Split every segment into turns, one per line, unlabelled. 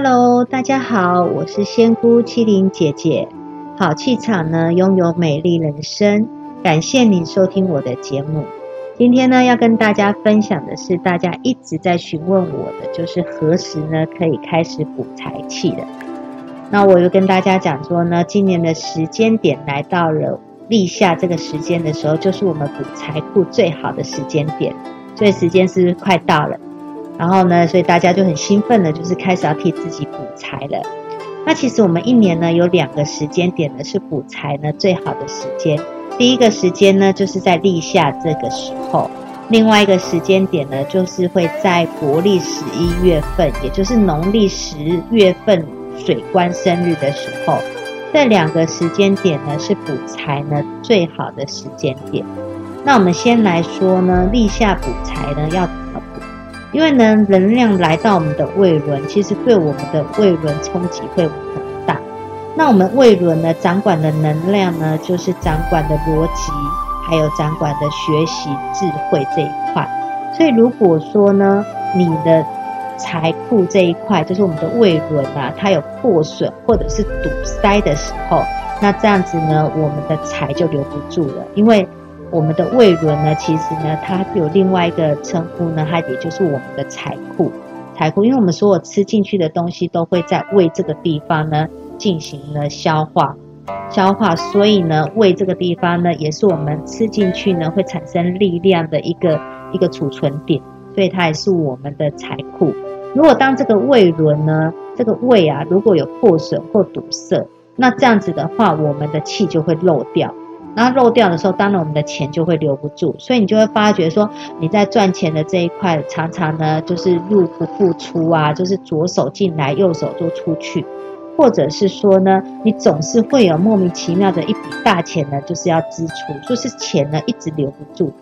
Hello，大家好，我是仙姑七零姐姐。好氣場呢，擁有美麗人生。感謝您收聽我的節目。今天呢，要跟大家分享的是，大家一直在詢問我的，就是何時呢可以開始補財氣的。那我又跟大家講說呢，今年的時間點來到了立夏這個時間的時候，就是我們補財庫最好的時間點。所以時間是，是快到了。然後呢，所以大家就很興奮的就是開始要替自己補財了。那其實我們一年呢有兩個時間點呢是補財呢最好的時間。第一個時間呢就是在立夏這個時候，另外一個時間點呢就是會在國曆十一月份，也就是農曆十月份水官生日的時候。這兩個時間點呢是補財呢最好的時間點。那我們先來說呢，立夏補財呢要。因為呢，能量來到我們的胃輪，其實對我們的胃輪衝擊會很大。那我們胃輪呢，掌管的能量呢，就是掌管的邏輯，還有掌管的學習、智慧這一塊。所以如果說呢，你的財庫這一塊，就是我們的胃輪啊，它有破損或者是堵塞的時候，那這樣子呢，我們的財就留不住了，因為。我們的胃輪呢，其實呢，它有另外一個稱呼呢，它也就是我們的財庫。財庫，因為我們所有吃進去的東西都會在胃這個地方呢進行了消化，消化，所以呢，胃這個地方呢，也是我們吃進去呢會產生力量的一個一個儲存點，所以它也是我們的財庫。如果當這個胃輪呢，這個胃啊，如果有破損或堵塞，那這樣子的話，我們的氣就會漏掉。然後漏掉的時候，當然我們的錢就會留不住，所以你就會發覺說你在賺錢的這一塊，常常呢就是入不敷出啊，就是左手進來，右手就出去，或者是說呢，你總是會有莫名其妙的一筆大錢呢，就是要支出，就是錢呢一直留不住。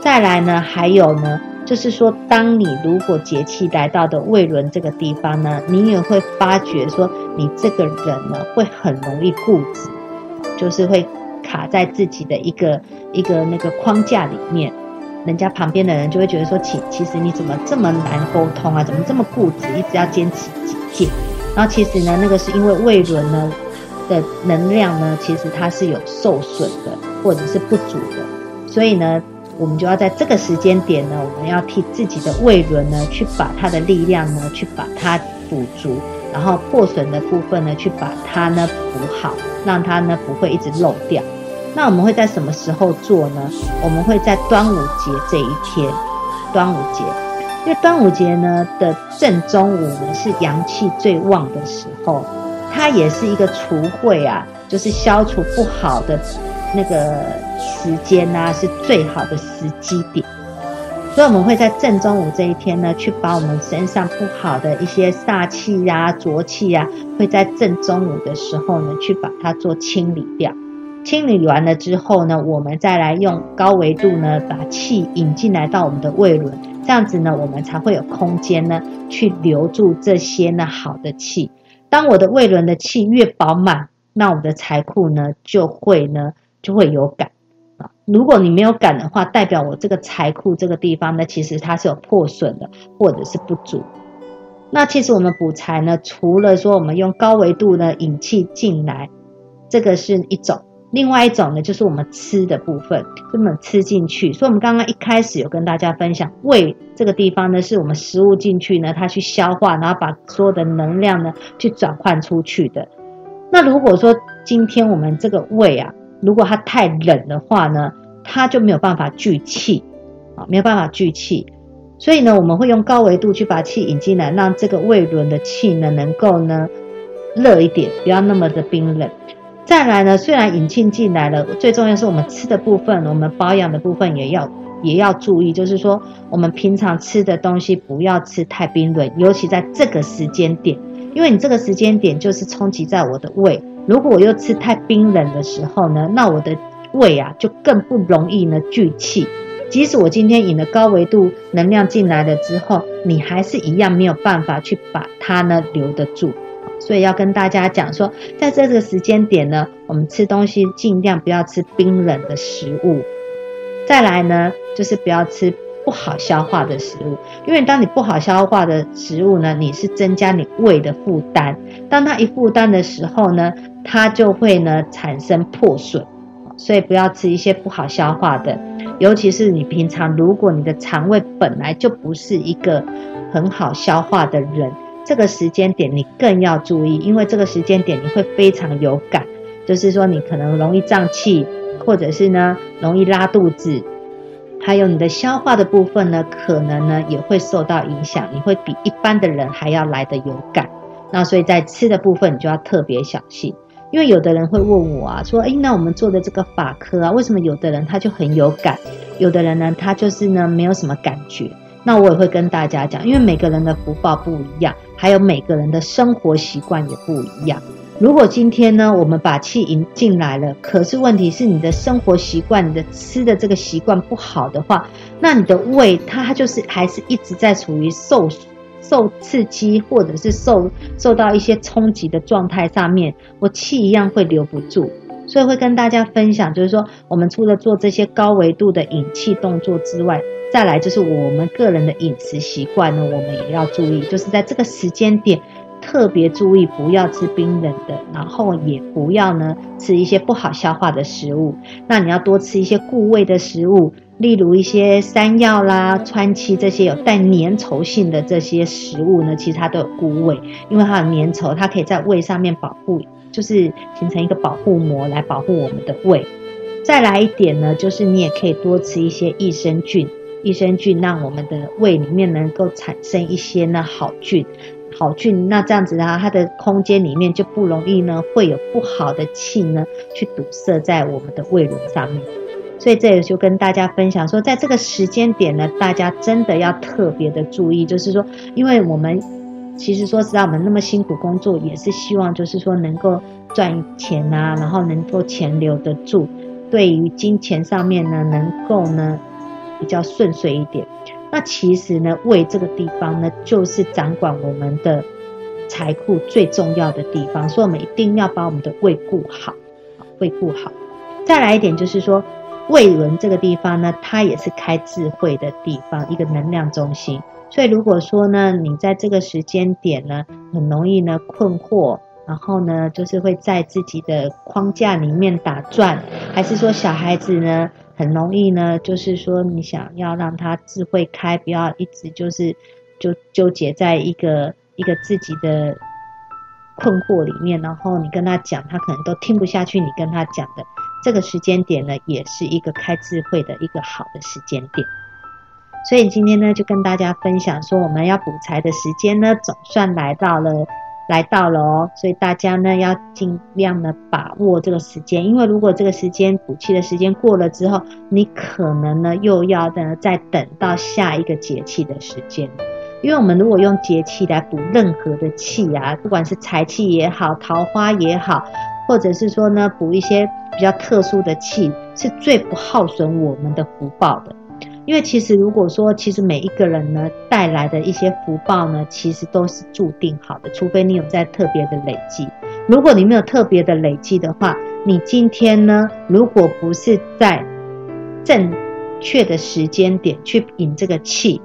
再來呢，還有呢，就是說，當你如果節氣來到的胃輪這個地方呢，你也會發覺說，你這個人呢會很容易固執，就是會。卡在自己的一個一個那個框架裡面，人家旁邊的人就會覺得說：其其實你怎麼這麼難溝通啊？怎麼這麼固執，一直要堅持己見？然後其實呢，那個是因為胃輪呢的能量呢，其實它是有受損的，或者是不足的。所以呢，我們就要在這個時間點呢，我們要替自己的胃輪呢，去把它的力量呢，去把它補足，然後破損的部分呢，去把它呢補好，讓它呢不會一直漏掉。那我們會在什麼時候做呢？我們會在端午節這一天，端午節，因為端午節呢的正中午呢是陽氣最旺的時候，它也是一個除穢啊，就是消除不好的那個時間啊，是最好的時機點。所以，我們會在正中午這一天呢，去把我們身上不好的一些煞氣啊、濁氣啊，會在正中午的時候呢，去把它做清理掉。清理完了之後呢，我們再來用高維度呢，把氣引進來到我們的胃輪，這樣子呢，我們才會有空間呢，去留住這些呢好的氣。當我的胃輪的氣越飽滿，那我們的財庫呢就會呢就會有感啊。如果你沒有感的話，代表我這個財庫這個地方呢，其實它是有破損的，或者是不足。那其實我們補財呢，除了說我們用高維度呢引氣進來，這個是一種。另外一種呢，就是我們吃的部分，這麼吃進去。所以，我們剛剛一開始有跟大家分享，胃這個地方呢，是我們食物進去呢，它去消化，然後把所有的能量呢，去轉換出去的。那如果說今天我們這個胃啊，如果它太冷的話呢，它就沒有辦法聚氣，啊、哦，沒有辦法聚氣。所以呢，我們會用高維度去把氣引進來，讓這個胃輪的氣呢，能夠呢，熱一點，不要那麼的冰冷。再來呢，雖然引進進來了，最重要是我們吃的部分，我們保養的部分也要也要注意，就是說我們平常吃的東西不要吃太冰冷，尤其在這個時間點，因為你這個時間點就是衝擊在我的胃，如果我又吃太冰冷的時候呢，那我的胃啊就更不容易呢聚氣，即使我今天引了高維度能量進來了之後，你還是一樣沒有辦法去把它呢留得住。所以要跟大家講說，在這個時間點呢，我們吃東西盡量不要吃冰冷的食物。再來呢，就是不要吃不好消化的食物，因為當你不好消化的食物呢，你是增加你胃的負擔。當它一負擔的時候呢，它就會呢產生破損。所以不要吃一些不好消化的，尤其是你平常如果你的腸胃本來就不是一個很好消化的人。這個時間點你更要注意，因為這個時間點你會非常有感，就是說你可能容易脹氣，或者是呢容易拉肚子，還有你的消化的部分呢，可能呢也會受到影響，你會比一般的人還要來得有感。那所以在吃的部分，你就要特別小心，因為有的人會問我啊，說，誒，那我們做的這個法科啊，為什麼有的人他就很有感，有的人呢他就是呢沒有什麼感覺？那我也會跟大家講，因為每個人的福報不一樣，還有每個人的生活習慣也不一樣。如果今天呢，我們把氣引進來了，可是問題是你的生活習慣，你的吃的這個習慣不好的話，那你的胃它就是還是一直在處於受受刺激或者是受受到一些衝擊的狀態上面，我氣一樣會留不住。所以會跟大家分享，就是說我們除了做這些高維度的引氣動作之外。再來就是我們個人的飲食習慣呢，我們也要注意，就是在這個時間點特別注意，不要吃冰冷的，然後也不要呢吃一些不好消化的食物。那你要多吃一些固胃的食物，例如一些山藥啦、川七這些有帶粘稠性的這些食物呢，其實它都有固胃，因為它很粘稠，它可以在胃上面保護，就是形成一個保護膜來保護我們的胃。再來一點呢，就是你也可以多吃一些益生菌。益生菌讓我們的胃裡面能夠產生一些呢好、好菌，好菌，那這樣子啊，它的空間裡面就不容易呢會有不好的氣呢去堵塞在我們的胃輪上面。所以這也就跟大家分享說，在這個時間點呢，大家真的要特別的注意，就是說，因為我們其實說實在，我們那麼辛苦工作，也是希望就是說能夠賺錢啊，然後能夠錢留得住，對於金錢上面呢，能夠呢。比較順遂一點，那其實呢，胃這個地方呢，就是掌管我們的財庫最重要的地方，所以我們一定要把我們的胃顧好，胃顧好。再來一點就是說，胃輪這個地方呢，它也是開智慧的地方，一個能量中心。所以如果說呢，你在這個時間點呢，很容易呢困惑。然後呢，就是會在自己的框架裡面打轉，還是說小孩子呢很容易呢？就是說你想要讓他智慧開，不要一直就是就糾結在一個一個自己的困惑裡面。然後你跟他講，他可能都聽不下去你跟他講的。這個時間點呢，也是一個開智慧的一個好的時間點。所以今天呢，就跟大家分享說，我們要補財的時間呢，總算來到了。來到了哦，所以大家呢要盡量地把握這個時間，因為如果這個時間補氣的時間過了之後，你可能呢又要呢再等到下一個節氣的時間。因為我們如果用節氣來補任何的氣啊，不管是財氣也好，桃花也好，或者是說呢補一些比較特殊的氣，是最不耗損我們的福報的。因為其實，如果說其實每一個人呢帶來的一些福報呢，其實都是注定好的，除非你有在特別的累積。如果你沒有特別的累積的話，你今天呢，如果不是在正確的時間點去引這個氣，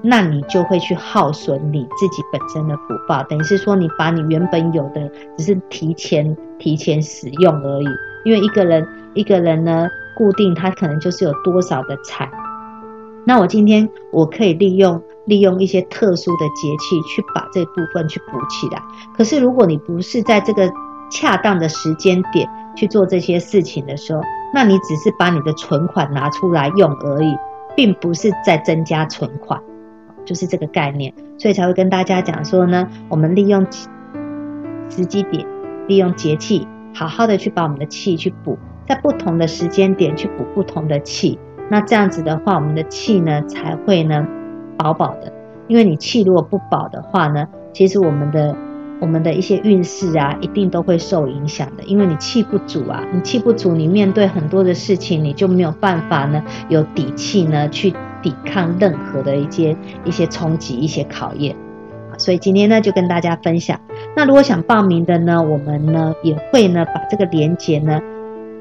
那你就會去耗損你自己本身的福報。等於是說，你把你原本有的只是提前提前使用而已。因為一個人一個人呢，固定他可能就是有多少的財。那我今天我可以利用利用一些特殊的節氣去把這部分去補起來。可是如果你不是在這個恰當的時間點去做這些事情的時候，那你只是把你的存款拿出來用而已，並不是在增加存款，就是這個概念。所以才會跟大家講說呢，我們利用時機點，利用節氣，好好的去把我們的氣去補，在不同的時間點去補不同的氣。那這樣子的話，我們的氣呢才會呢飽飽的。因為你氣如果不飽的話呢，其實我們的我們的一些運勢啊，一定都會受影響的。因為你氣不足啊，你氣不足，你面對很多的事情，你就沒有辦法呢有底氣呢去抵抗任何的一些一些衝擊、一些考驗。所以今天呢，就跟大家分享。那如果想報名的呢，我們呢也會呢把這個連結呢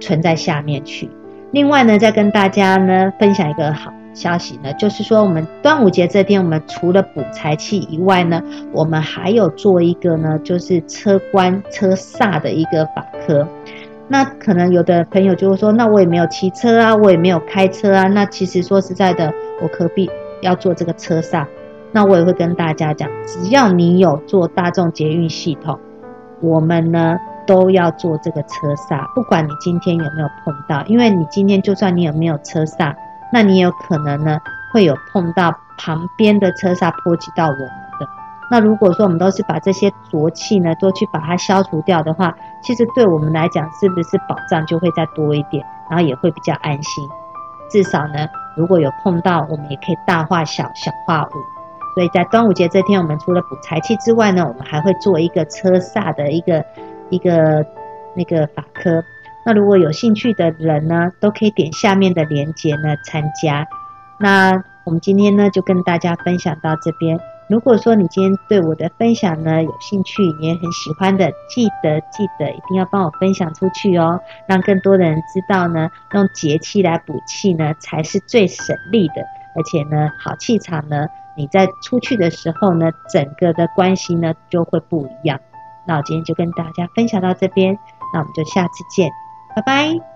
存在下面去。另外呢，再跟大家呢分享一個好消息呢，就是說我們端午節這天，我們除了補財氣以外呢，我們還有做一個呢，就是車關車煞的一個法科。那可能有的朋友就會說，那我也沒有騎車啊，我也沒有開車啊。那其實說實在的，我何必要做這個車煞？那我也會跟大家講，只要你有做大眾捷運系統，我們呢。都要做這個車煞，不管你今天有沒有碰到，因為你今天就算你有沒有車煞，那你有可能呢會有碰到旁邊的車煞波及到我們的。那如果說我們都是把這些濁氣呢都去把它消除掉的話，其實對我們來講是不是保障就會再多一點，然後也會比較安心。至少呢，如果有碰到，我們也可以大化小，小化無。所以在端午節這天，我們除了補財氣之外呢，我們還會做一個車煞的一個。一個那個法科。那如果有興趣的人呢，都可以點下面的鏈接呢參加。那我們今天呢就跟大家分享到這邊。如果說你今天對我的分享呢有興趣，你也很喜歡的，記得記得一定要幫我分享出去哦，讓更多的人知道呢，用節氣來補氣呢才是最省力的，而且呢好氣場呢，你在出去的時候呢，整個的關係呢就會不一樣。那我今天就跟大家分享到這邊，那我們就下次見，拜拜。